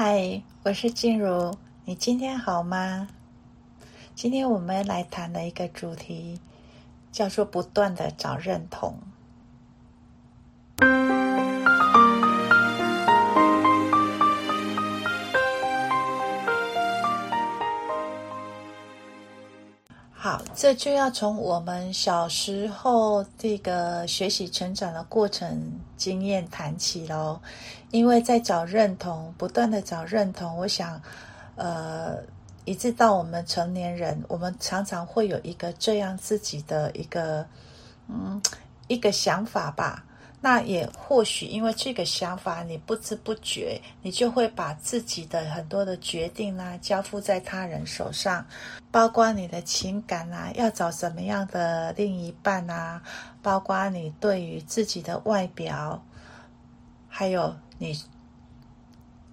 嗨，Hi, 我是靜茹，你今天好嗎？今天我們來談的一個主題叫做“不斷的找認同”。這就要從我們小時候這個學習成長的過程經驗談起嘍，因為在找認同，不斷的找認同，我想，呃，一直到我們成年人，我們常常會有一個這樣自己的一個，嗯，一個想法吧。那也或許因為這個想法，你不知不覺，你就會把自己的很多的決定啦、啊，交付在他人手上，包括你的情感啦、啊，要找什麼樣的另一半吶、啊，包括你對於自己的外表，還有你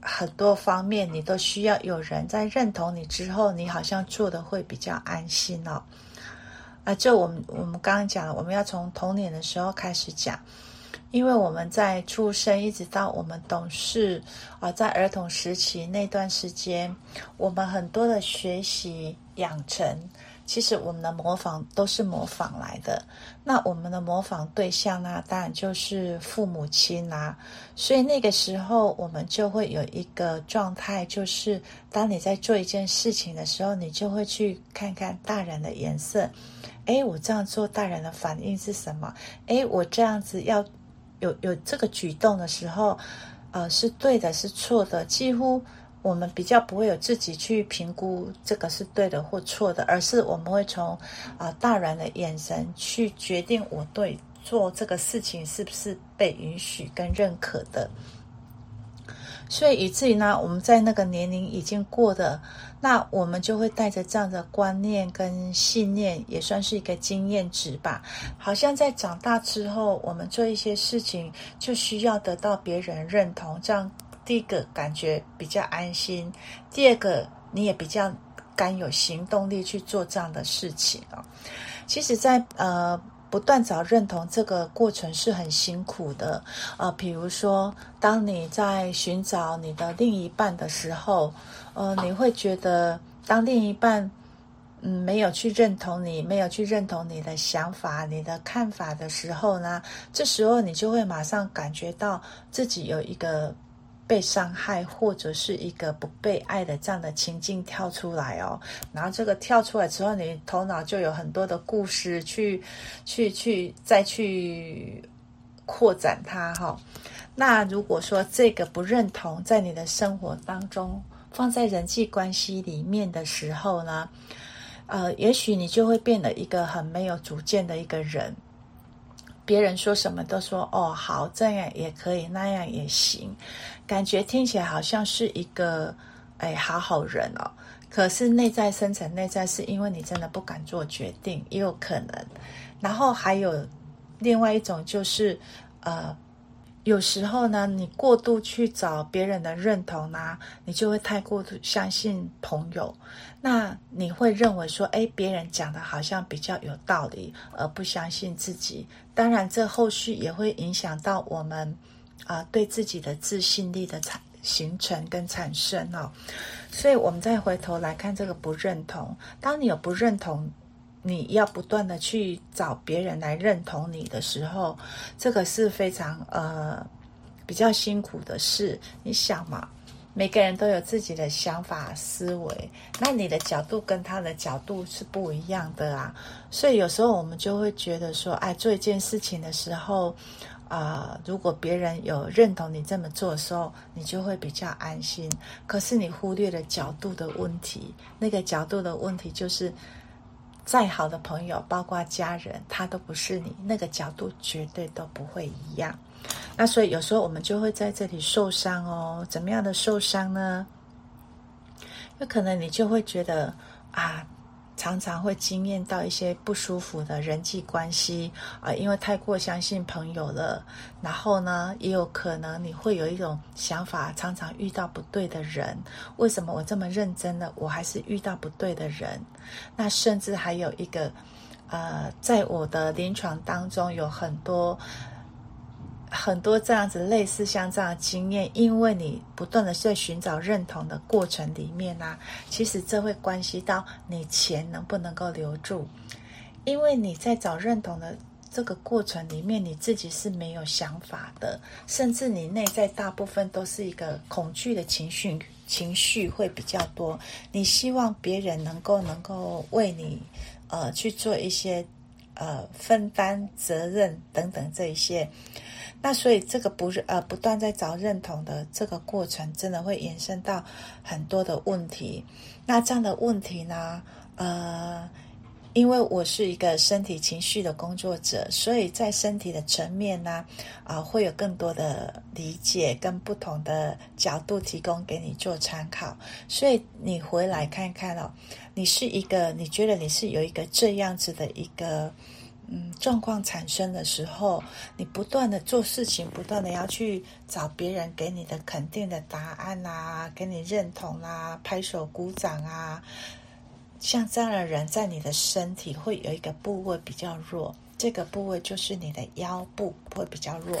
很多方面，你都需要有人在認同你之後，你好像做得會比較安心哦。啊，這我們我們剛剛講了，我們要從童年的時候開始講。因為我們在出生一直到我們懂事啊，在兒童時期那段時間，我們很多的學習養成，其實我們的模仿都是模仿來的。那我們的模仿對象呢、啊，當然就是父母親啦、啊。所以那個時候，我們就會有一個狀態，就是當你在做一件事情的時候，你就會去看看大人的顏色。誒，我這樣做，大人的反應是什麼？誒，我這樣子要。有有這個舉動的時候，呃，是對的，是錯的。幾乎我們比較不會有自己去評估這個是對的或錯的，而是我們會從啊、呃、大人的眼神去決定我對做這個事情是不是被允許跟認可的。所以以至於呢，我們在那個年齡已經過的，那我們就會帶着這樣的觀念跟信念，也算是一個經驗值吧。好像在長大之後，我們做一些事情就需要得到別人認同，這樣第一個感覺比較安心，第二個你也比較敢有行動力去做這樣的事情啊。其實在，在呃。不斷找認同這個過程是很辛苦的，呃，比如說，當你在尋找你的另一半的時候，呃，你會覺得當另一半嗯沒有去認同你，沒有去認同你的想法、你的看法的時候呢，這時候你就會馬上感覺到自己有一個。被傷害或者是一個不被愛的這樣的情境跳出來哦，然後這個跳出來之後，你頭腦就有很多的故事去，去去再去擴展它哈、哦。那如果說這個不認同在你的生活當中放在人際關係裡面的時候呢，呃，也許你就會變得一個很沒有主見的一個人。別人說什麼都說哦，好，這樣也可以，那樣也行，感覺聽起來好像是一個哎好好人哦。可是內在深層，內在是因為你真的不敢做決定，也有可能。然後還有另外一種就是呃。有時候呢，你過度去找別人的認同啊，你就會太過度相信朋友，那你會認為說，哎，別人講的好像比較有道理，而不相信自己。當然，這後續也會影響到我們啊、呃、對自己的自信力的產形成跟產生哦。所以，我們再回頭來看這個不認同，當你有不認同。你要不斷的去找別人來認同你的時候，這個是非常呃比較辛苦的事。你想嘛，每個人都有自己的想法思維，那你的角度跟他的角度是不一樣的啊。所以有時候我們就會覺得說，哎，做一件事情的時候，啊，呃，如果別人有認同你這麼做的時候，你就會比較安心。可是你忽略了角度的問題，那個角度的問題就是。再好的朋友，包括家人，他都不是你那個角度，絕對都不會一樣。那所以有時候我們就會在這裡受傷哦。怎麼樣的受傷呢？有可能你就會覺得啊。常常會經驗到一些不舒服的人際關係啊、呃，因為太過相信朋友了。然後呢，也有可能你會有一種想法，常常遇到不對的人。為什麼我這麼認真呢？我還是遇到不對的人。那甚至還有一個，呃，在我的臨床當中有很多。很多這樣子類似像這樣的經驗，因為你不斷的在尋找認同的過程裡面呢、啊，其實這會關係到你錢能不能夠留住，因為你在找認同的這個過程裡面，你自己是沒有想法的，甚至你內在大部分都是一個恐懼的情緒，情緒會比較多，你希望別人能夠能夠為你，呃，去做一些。呃，分擔責任等等這一些，那所以這個不呃不斷在找認同的這個過程，真的會延伸到很多的問題。那這樣的問題呢，呃。因為我是一個身體情緒的工作者，所以在身體的層面呢，啊、呃，會有更多的理解跟不同的角度提供給你做參考。所以你回來看看哦，你是一個，你覺得你是有一個這樣子的一個，嗯，狀況產生的時候，你不斷地做事情，不斷地要去找別人給你的肯定的答案啦、啊，給你認同啦、啊，拍手鼓掌啊。像這樣的人，在你的身體會有一個部位比較弱，這個部位就是你的腰部會比較弱，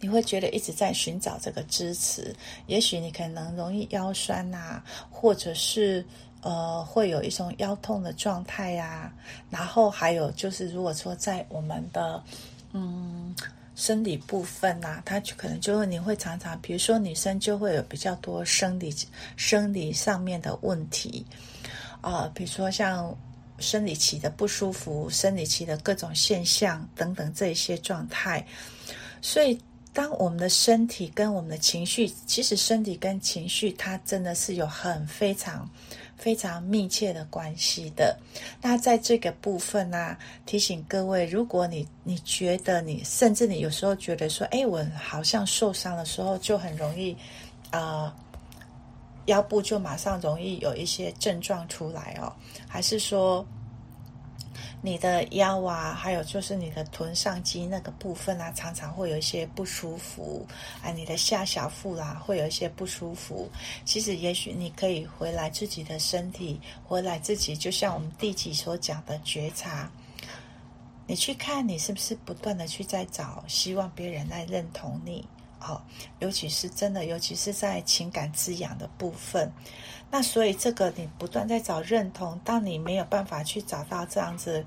你會覺得一直在尋找這個支持。也許你可能容易腰酸啊，或者是呃會有一種腰痛的狀態呀、啊。然後還有就是，如果說在我們的嗯。生理部分吶、啊，它就可能就會，你會常常，比如說女生就會有比較多生理生理上面的問題，啊、呃，比如說像生理期的不舒服、生理期的各種現象等等這一些狀態。所以，當我們的身體跟我們的情緒，其實身體跟情緒，它真的是有很非常。非常密切的關係的，那在這個部分呢、啊，提醒各位，如果你你覺得你，甚至你有時候覺得說，哎，我好像受傷的時候，就很容易，啊、呃，腰部就馬上容易有一些症狀出來哦，還是說？你的腰啊，還有就是你的臀上肌那個部分啊，常常會有一些不舒服啊，你的下小腹啦、啊，會有一些不舒服。其實，也許你可以回來自己的身體，回來自己，就像我們第幾所講的覺察，你去看，你是不是不斷的去在找，希望別人來認同你？哦，尤其是真的，尤其是在情感滋養的部分。那所以這個你不斷在找認同，當你沒有辦法去找到這樣子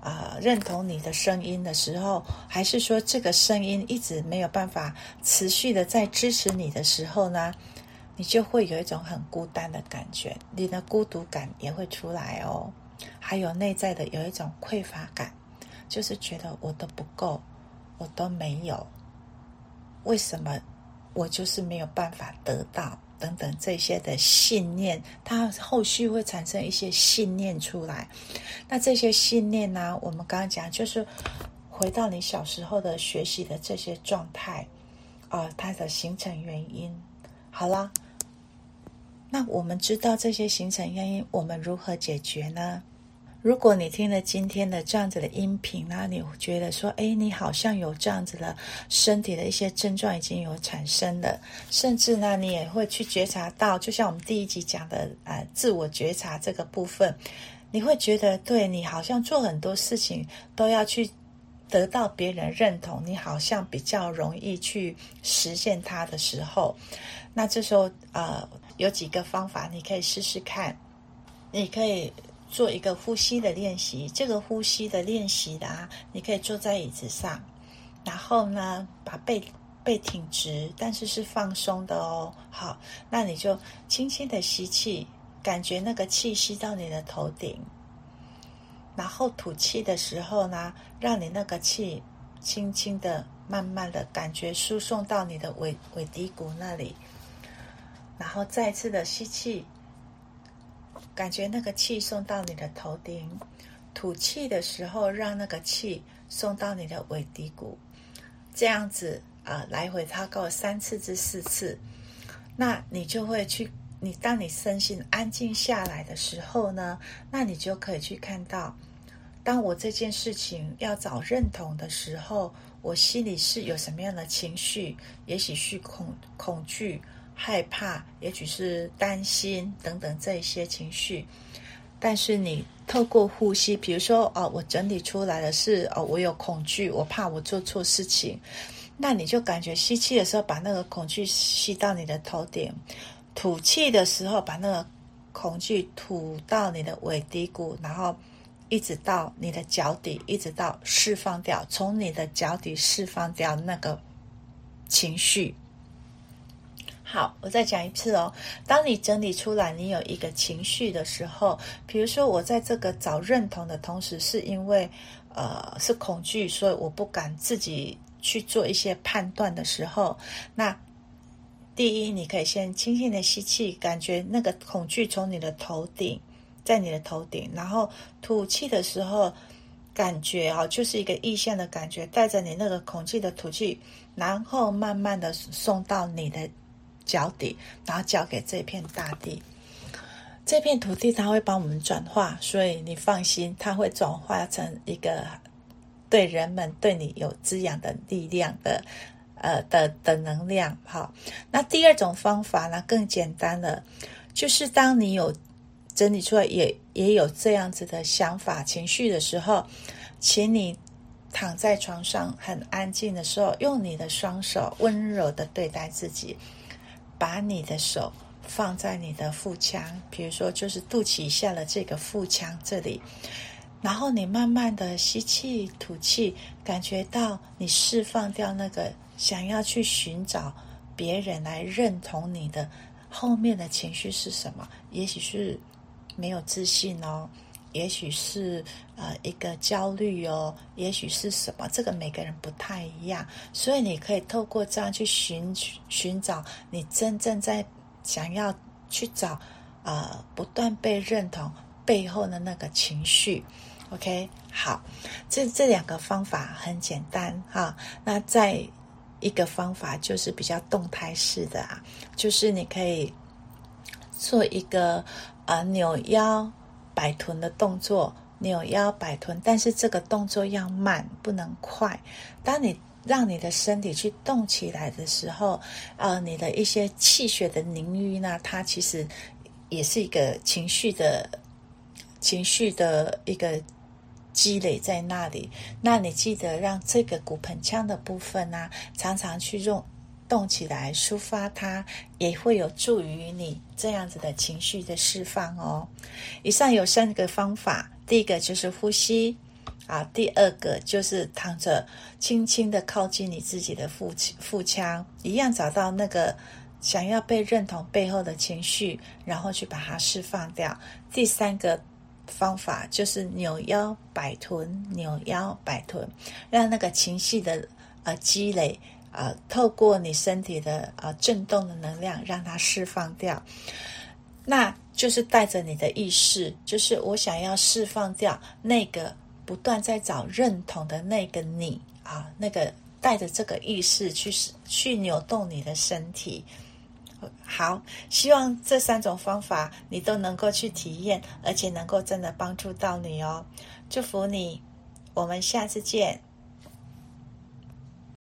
啊、呃、認同你的聲音的時候，還是說這個聲音一直沒有辦法持續的在支持你的時候呢，你就會有一種很孤單的感覺，你的孤獨感也會出來哦。還有內在的有一種匱乏感，就是覺得我都不夠，我都沒有。為什麼我就是沒有辦法得到等等這些的信念？它後續會產生一些信念出來。那這些信念呢、啊？我們剛剛講就是回到你小時候的學習的這些狀態啊、呃，它的形成原因。好了，那我們知道這些形成原因，我們如何解決呢？如果你聽了今天的這樣子的音頻呢，那你會覺得說，哎，你好像有這樣子的身體的一些症狀已經有產生了，甚至呢，你也會去覺察到，就像我們第一集講的，啊、呃，自我覺察這個部分，你會覺得，對，你好像做很多事情都要去得到別人認同，你好像比較容易去實現它的時候，那這時候，呃，有幾個方法你可以試試看，你可以。做一個呼吸的練習，這個呼吸的練習的啊，你可以坐在椅子上，然後呢，把背背挺直，但是是放鬆的哦。好，那你就輕輕的吸氣，感覺那個氣吸到你的頭頂，然後吐氣的時候呢，讓你那個氣輕輕的、慢慢的感覺輸送到你的尾尾骶骨那裡，然後再次的吸氣。感覺那個氣送到你的頭頂，吐氣的時候讓那個氣送到你的尾骶骨，這樣子啊、呃、來回踏夠三次至四次，那你就會去，你當你身心安靜下來的時候呢，那你就可以去看到，當我這件事情要找認同的時候，我心裡是有什麼樣的情緒，也許是恐恐懼。害怕，也許是擔心等等這一些情緒，但是你透過呼吸，比如說哦，我整理出來的是哦，我有恐懼，我怕我做錯事情，那你就感覺吸氣的時候把那個恐懼吸到你的頭頂，吐氣的時候把那個恐懼吐到你的尾骶骨，然後一直到你的腳底，一直到釋放掉，從你的腳底釋放掉那個情緒。好，我再講一次哦。當你整理出來，你有一個情緒的時候，比如說我在這個找認同的同時，是因為呃是恐懼，所以我不敢自己去做一些判斷的時候，那第一，你可以先輕輕的吸氣，感覺那個恐懼從你的頭頂，在你的頭頂，然後吐氣的時候，感覺啊、哦，就是一個意象的感覺，帶着你那個恐懼的吐氣，然後慢慢的送到你的，腳底，然後交給這片大地，這片土地它會幫我們轉化，所以你放心，它會轉化成一個對人們對你有滋養的力量的，呃的的能量。好，那第二種方法呢，更簡單了，就是當你有整理出來也，也也有這樣子的想法情緒的時候，請你躺在床上很安靜的時候，用你的雙手溫柔的對待自己。把你的手放在你的腹腔，比如說就是肚臍下的這個腹腔這裡，然後你慢慢的吸氣、吐氣，感覺到你釋放掉那個想要去尋找別人來認同你的後面的情緒是什麼？也許是沒有自信哦。也許是呃一個焦慮哦，也許是什麼，這個每個人不太一樣，所以你可以透過這樣去尋尋找你真正在想要去找呃不斷被認同背後的那個情緒。OK，好，這這兩個方法很簡單哈。那再一個方法就是比較動態式的啊，就是你可以做一個呃扭腰。擺臀的動作，扭腰擺臀，但是這個動作要慢，不能快。當你讓你的身體去動起來的時候，啊、呃，你的一些氣血的凝瘀呢、啊，它其實也是一個情緒的情緒的一個積累在那裡。那你記得讓這個骨盆腔的部分呢、啊，常常去用。動起來，抒發它也會有助於你這樣子的情緒的釋放哦。以上有三個方法，第一個就是呼吸啊，第二個就是躺着，輕輕的靠近你自己的腹腔腹腔，一樣找到那個想要被認同背後的情緒，然後去把它釋放掉。第三個方法就是扭腰擺臀，扭腰擺臀，讓那個情緒的呃積累。啊、呃，透過你身體的啊、呃、震動的能量，讓它釋放掉。那就是帶着你的意識，就是我想要釋放掉那個不斷在找認同的那個你啊，那個帶着這個意識去去扭動你的身體。好，希望這三種方法你都能夠去體驗，而且能夠真的幫助到你哦。祝福你，我們下次見。